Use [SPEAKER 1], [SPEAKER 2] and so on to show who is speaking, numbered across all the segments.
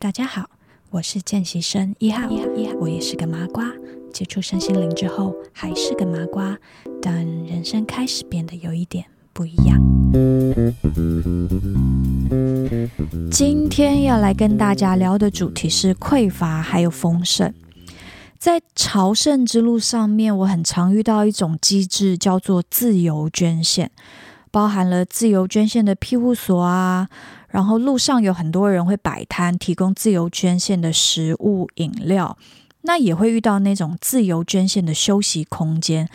[SPEAKER 1] 大家好，我是見習生一號一號一號，一號一號我也是個麻瓜。接觸身心靈之後，還是個麻瓜，但人生開始變得有一點不一樣。今天要來跟大家聊的主題是匱乏還有豐盛。在朝聖之路上面，我很常遇到一種機制，叫做自由捐獻，包含了自由捐獻的庇護所啊。然後路上有很多人會擺攤，提供自由捐獻的食物、飲料。那也會遇到那種自由捐獻的休息空間，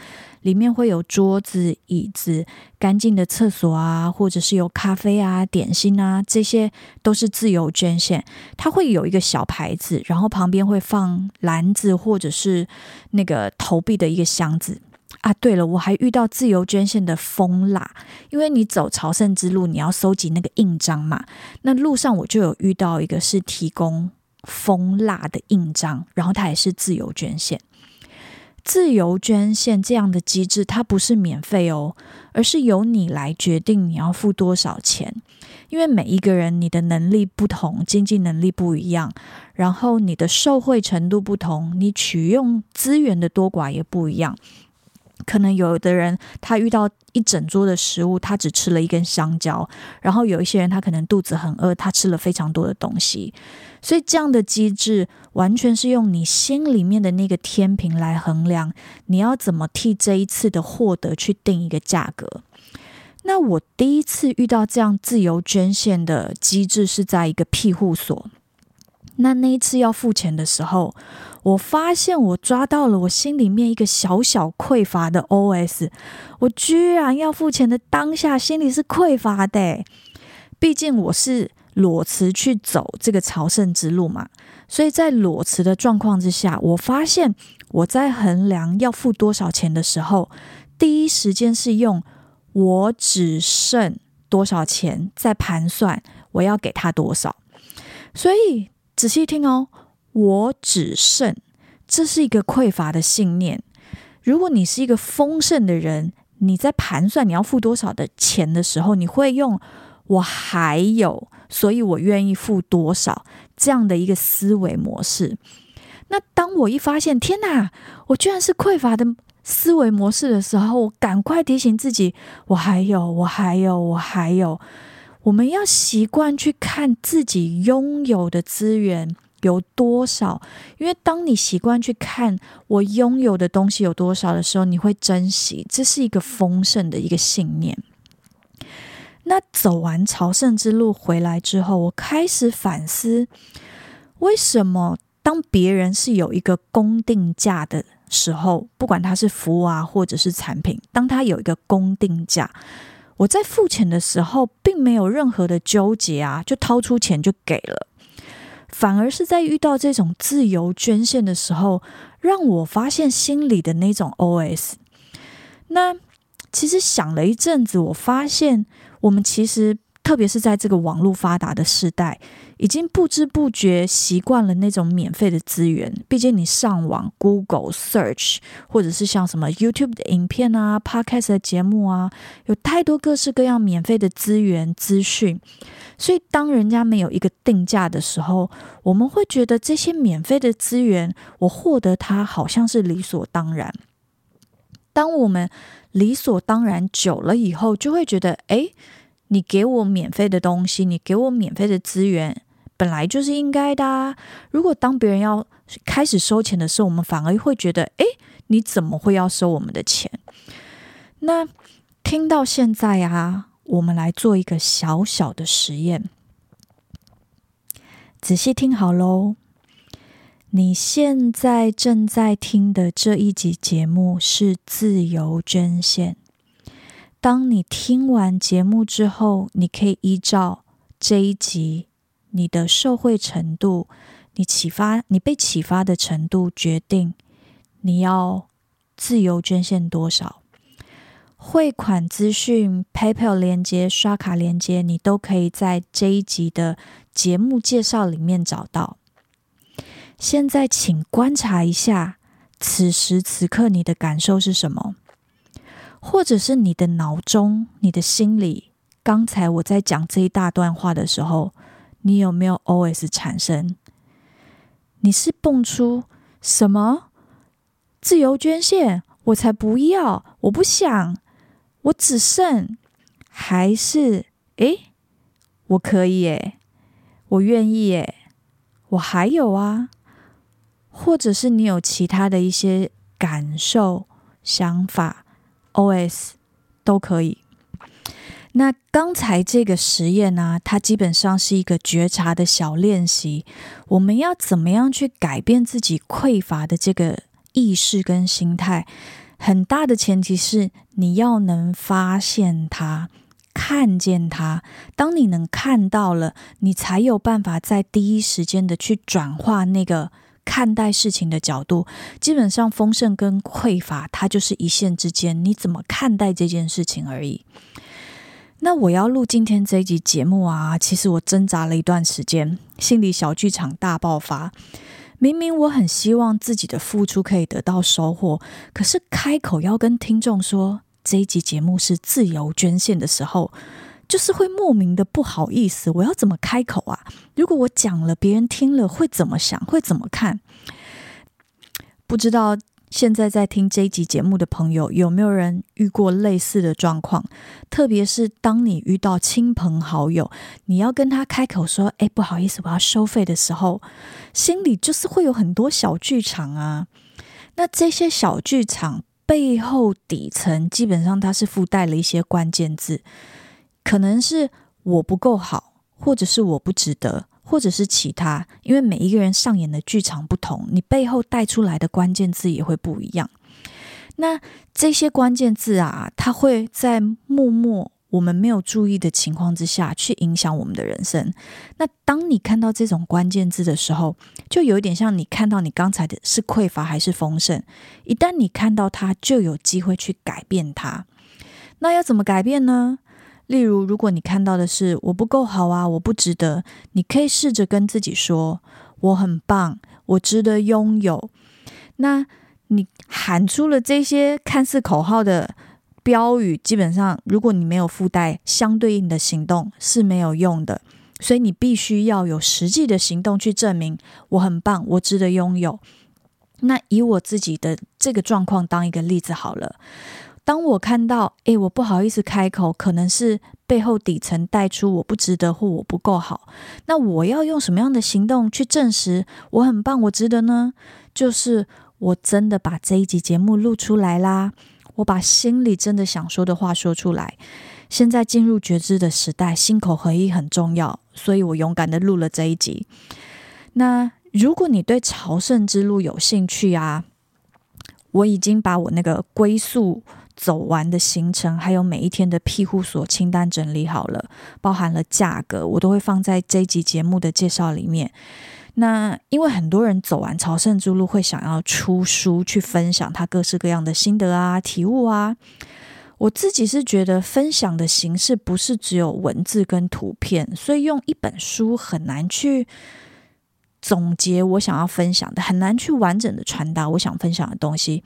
[SPEAKER 1] 裡面會有桌子、椅子、乾淨的廁所啊，或者是有咖啡啊、點心啊，這些都是自由捐獻。它會有一個小牌子，然後旁邊會放籃子或者是那個投幣的一個箱子。啊，對了，我還遇到自由捐獻的封蠟，因為你走朝聖之路，你要收集那個印章嘛。那路上我就有遇到一個是提供封蠟的印章，然後它也是自由捐獻。自由捐獻這樣的機制，它不是免費哦，而是由你來決定你要付多少錢。因為每一個人你的能力不同，經濟能力不一樣，然後你的受惠程度不同，你取用資源的多寡也不一樣。可能有的人他遇到一整桌的食物，他只吃了一根香蕉；然後有一些人他可能肚子很餓，他吃了非常多的東西。所以這樣的機制完全是用你心裡面的那個天平來衡量，你要怎麼替這一次的獲得去定一個價格。那我第一次遇到這樣自由捐獻的機制是在一個庇護所。那那一次要付錢的時候，我發現我抓到了我心裡面一個小小匱乏的 OS。我居然要付錢的當下，心裡是匱乏的。畢竟我是裸辭去走這個朝聖之路嘛，所以在裸辭的狀況之下，我發現我在衡量要付多少錢的時候，第一時間是用我只剩多少錢在盤算我要給他多少，所以。仔細聽哦，我只剩，這是一個匱乏的信念。如果你是一個豐盛的人，你在盤算你要付多少的錢的時候，你會用“我還有”，所以我願意付多少這樣的一個思維模式。那當我一發現，天哪，我居然是匱乏的思維模式的時候，我趕快提醒自己，我還有，我還有，我還有。我們要習慣去看自己擁有的資源有多少，因為當你習慣去看我擁有的東西有多少的時候，你會珍惜。這是一個豐盛的一個信念。那走完朝聖之路回來之後，我開始反思，為什麼當別人是有一個公定價的時候，不管他是服務啊，或者是產品，當他有一個公定價。我在付錢的時候並沒有任何的糾結啊，就掏出錢就給了。反而是在遇到這種自由捐獻的時候，讓我發現心裡的那種 OS。那其實想了一陣子，我發現我們其實。特別是在這個網絡發達的時代，已經不知不覺習慣了那種免費的資源。畢竟你上網，Google search，或者是像什麼 YouTube 的影片啊、Podcast 的節目啊，有太多各式各樣免費的資源資訊。所以，當人家沒有一個定價的時候，我們會覺得這些免費的資源，我獲得它好像是理所當然。當我們理所當然久了以後，就會覺得，哎、欸。你給我免費的東西，你給我免費的資源，本來就是應該的啊。如果當別人要開始收錢的時候，我們反而會覺得，哎，你怎麼會要收我們的錢？那聽到現在啊，我們來做一個小小的實驗，仔細聽好嘍。你現在正在聽的這一集節目是自由捐獻。當你聽完節目之後，你可以依照這一集你的受惠程度，你啟發你被啟發的程度決定你要自由捐獻多少。匯款資訊、PayPal 連接、刷卡連接，你都可以在這一集的節目介紹裡面找到。現在，請觀察一下，此時此刻你的感受是什麼？或者是你的腦中、你的心裡，剛才我在講這一大段話的時候，你有沒有 OS 產生？你是蹦出什麼？自由捐獻？我才不要！我不想！我只剩？還是，誒，我可以誒，我願意誒，我還有啊。或者是你有其他的一些感受、想法？OS，都可以。那剛才這個實驗呢？它基本上是一個覺察的小練習。我們要怎麼樣去改變自己匱乏的這個意識跟心態？很大的前提是你要能發現它，看見它。當你能看到了，你才有辦法在第一時間的去轉化那個。看待事情的角度，基本上豐盛跟匱乏，它就是一線之間，你怎麼看待這件事情而已。那我要錄今天這一集節目啊，其實我掙扎了一段時間，心裡小劇場大爆發。明明我很希望自己的付出可以得到收穫，可是開口要跟聽眾說這一集節目是自由捐獻的時候，就是會莫名的不好意思，我要怎麼開口啊？如果我講了，別人聽了會怎麼想？會怎麼看？不知道現在在聽這一集節目的朋友有沒有人遇過類似的狀況？特別是當你遇到親朋好友，你要跟他開口說“誒，不好意思，我要收費”的時候，心裡就是會有很多小劇場啊。那這些小劇場背後底層，基本上它是附帶了一些關鍵字。可能是我不夠好，或者是我不值得，或者是其他。因為每一個人上演的劇場不同，你背後帶出來的關鍵字也會不一樣。那這些關鍵字啊，它會在默默我們沒有注意的情況之下，去影響我們的人生。那當你看到這種關鍵字的時候，就有一點像你看到你剛才的是匱乏還是豐盛。一旦你看到它，就有機會去改變它。那要怎麼改變呢？例如，如果你看到的是“我不夠好啊，我不值得”，你可以試着跟自己說：“我很棒，我值得擁有。”那你喊出了這些看似口號的標語，基本上，如果你沒有附帶相對應的行動，是沒有用的。所以，你必須要有實際的行動去證明“我很棒，我值得擁有”。那以我自己的這個狀況當一個例子好了。當我看到，誒、欸，我不好意思開口，可能是背後底層帶出我不值得或我不夠好，那我要用什麼樣的行動去證實我很棒，我值得呢？就是我真的把這一集節目錄出來啦，我把心裡真的想說的話說出來。現在進入覺知的時代，心口合一很重要，所以我勇敢的錄了這一集。那如果你對朝聖之路有興趣啊，我已經把我那個歸宿。走完的行程，還有每一天的庇護所清單整理好了，包含了價格，我都會放在這一集節目的介紹裡面。那因為很多人走完朝聖之路會想要出書去分享他各式各樣的心得啊、體悟啊，我自己是覺得分享的形式不是只有文字跟圖片，所以用一本書很難去。總結我想要分享的，很難去完整的傳達我想分享的東西，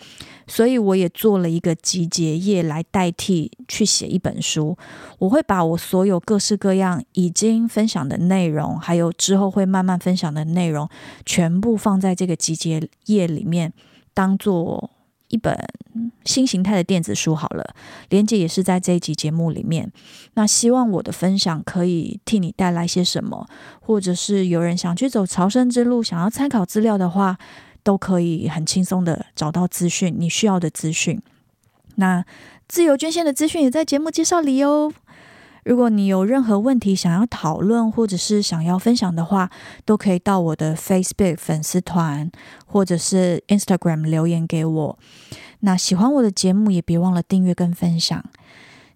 [SPEAKER 1] 所以我也做了一個集結頁來代替去寫一本書。我會把我所有各式各樣已經分享的內容，還有之後會慢慢分享的內容，全部放在這個集結頁裡面，當做。一本新形態的電子書好了，連結也是在這一集節目裡面。那希望我的分享可以替你帶來些什麼，或者是有人想去走朝聖之路，想要參考資料的話，都可以很輕鬆的找到資訊，你需要的資訊。那自由捐獻的資訊也在節目介紹裡哦。如果你有任何問題想要討論，或者是想要分享的話，都可以到我的 Facebook 粉絲團或者是 Instagram 留言給我。那喜歡我的節目，也別忘了訂閱跟分享。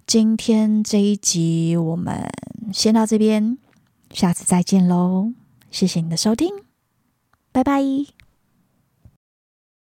[SPEAKER 1] 今天這一集我們先到這邊，下次再見嘍！謝謝你的收聽，拜拜。